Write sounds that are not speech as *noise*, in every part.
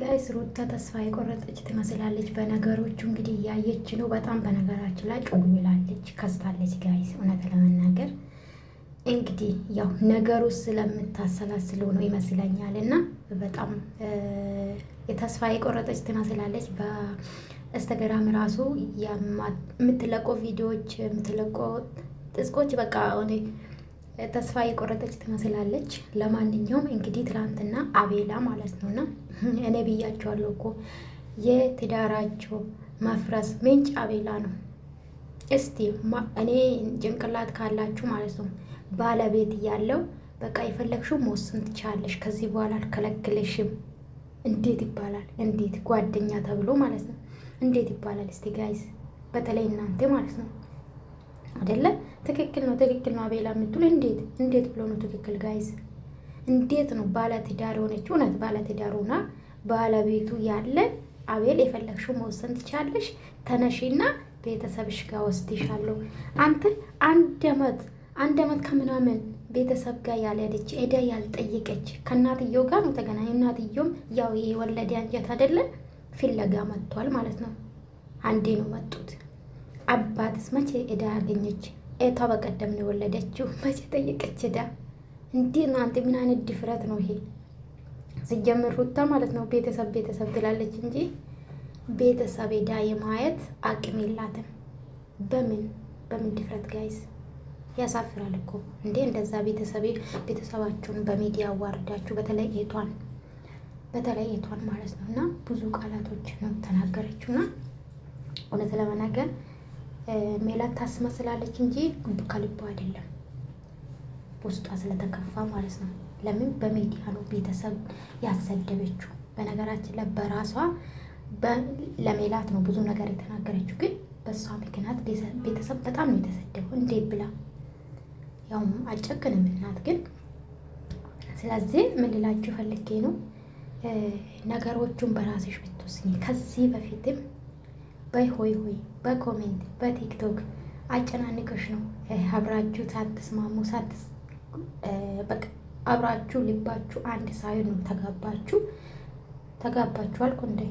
ጋይስ ሩታ ተስፋ የቆረጠች ትመስላለች። በነገሮቹ እንግዲህ እያየች ነው። በጣም በነገራችን ላይ ጮክ ይላለች፣ ከስታለች። ጋይስ እውነት ለመናገር እንግዲህ ያው ነገሩ ስለምታሰላስለው ነው ይመስለኛል። እና በጣም የተስፋ የቆረጠች ትመስላለች። በኢንስታግራም ራሱ የምትለቆ ቪዲዮዎች የምትለቆ ጥስቆች በቃ ተስፋ የቆረጠች ትመስላለች። ለማንኛውም እንግዲህ ትላንትና አቤላ ማለት ነውና እኔ ብያቸዋለሁ እኮ የትዳራቸው መፍረስ ምንጭ አቤላ ነው። እስቲ እኔ ጭንቅላት ካላችሁ ማለት ነው ባለቤት እያለው በቃ የፈለግሽው መወሰን ትችላለሽ፣ ከዚህ በኋላ አልከለክልሽም። እንዴት ይባላል? እንዴት ጓደኛ ተብሎ ማለት ነው እንዴት ይባላል? እስቲ ጋይዝ በተለይ እናንተ ማለት ነው አይደለ? ትክክል ነው ትክክል ነው አቤላ የምትሉ እንዴት እንዴት ብሎ ነው ትክክል? ጋይዝ እንዴት ነው ባለትዳር የሆነች እውነት ባለትዳር ሆና ባለቤቱ ያለ አቤል የፈለግሽው መወሰን ትቻለሽ። ተነሺና ቤተሰብሽ ጋር ወስድሻለሁ። አንተ አንድ አመት አንድ አመት ከምናምን ቤተሰብ ጋር ያልሄደች ሄዳ ያልጠየቀች ከእናትየው ጋር ነው ተገናኝ። እናትየውም ያው የወለደ አንጀት አይደለም ፍለጋ መጥቷል ማለት ነው። አንዴ ነው መጡት ቢሆንስ መቼ እዳ አገኘች? ኤቷ በቀደም ነው የወለደችው። *laughs* መቼ ጠየቀች እዳ? እንዲህ እናንተ ምን አይነት ድፍረት ነው ይሄ? ሲጀምር ሩታ ማለት ነው ቤተሰብ ቤተሰብ ትላለች እንጂ ቤተሰብ እዳ የማየት አቅም የላትም። በምን በምን ድፍረት ጋይስ ያሳፍራል እኮ እንዴ! እንደዛ ቤተሰቤ ቤተሰባችሁን በሚዲያ አዋርዳችሁ፣ በተለይ ኤቷን በተለይ ኤቷን ማለት ነው እና ብዙ ቃላቶች ነው ተናገረችው እና እውነት ለመናገር ሜላት ታስመስላለች እንጂ ከልቦ አይደለም። ውስጧ ስለተከፋ ማለት ነው። ለምን በሚዲያ ነው ቤተሰብ ያሰደበችው? በነገራችን ላይ በራሷ ለሜላት ነው ብዙ ነገር የተናገረችው፣ ግን በእሷ ምክንያት ቤተሰብ በጣም ነው የተሰደበው። እንዴት ብላ ያው አጨቅንም እናት ግን ስለዚህ ምን ልላችሁ ፈልጌ ነው ነገሮቹን በራስሽ ብትወስኝ ከዚህ በፊትም በሆይ ሆይ በኮሜንት በቲክቶክ አጨናንቀሽ ነው አብራችሁ ሳትስማሙ ሳትስ በቃ አብራችሁ ልባችሁ አንድ ሳይሆን ነው ተጋባችሁ ተጋባችሁ አልኩ እንደ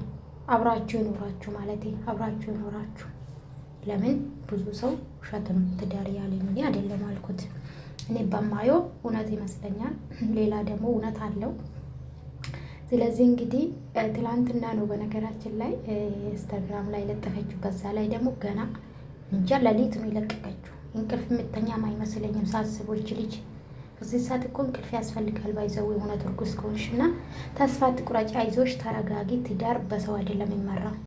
አብራችሁ የኖራችሁ ማለት አብራችሁ የኖራችሁ ለምን ብዙ ሰው ውሸት ነው ትዳር ያለ ነው አይደለም አልኩት እኔ በማየው እውነት ይመስለኛል ሌላ ደግሞ እውነት አለው ስለዚህ እንግዲህ ትላንትና ነው በነገራችን ላይ ኢንስታግራም ላይ ለጠፈችው። በዛ ላይ ደግሞ ገና እንጃ ለሊት ነው የለቀቀችው። እንቅልፍ የምተኛም አይመስለኝም ሳስበው ይች ልጅ እዚህ ሰዓት እኮ እንቅልፍ ያስፈልጋል። ባይዘው የሆነ ትርጉስ ከሆንሽ እና ተስፋ ትቁረጭ፣ አይዞሽ፣ ተረጋጊ። ትዳር በሰው አይደለም ይመራው።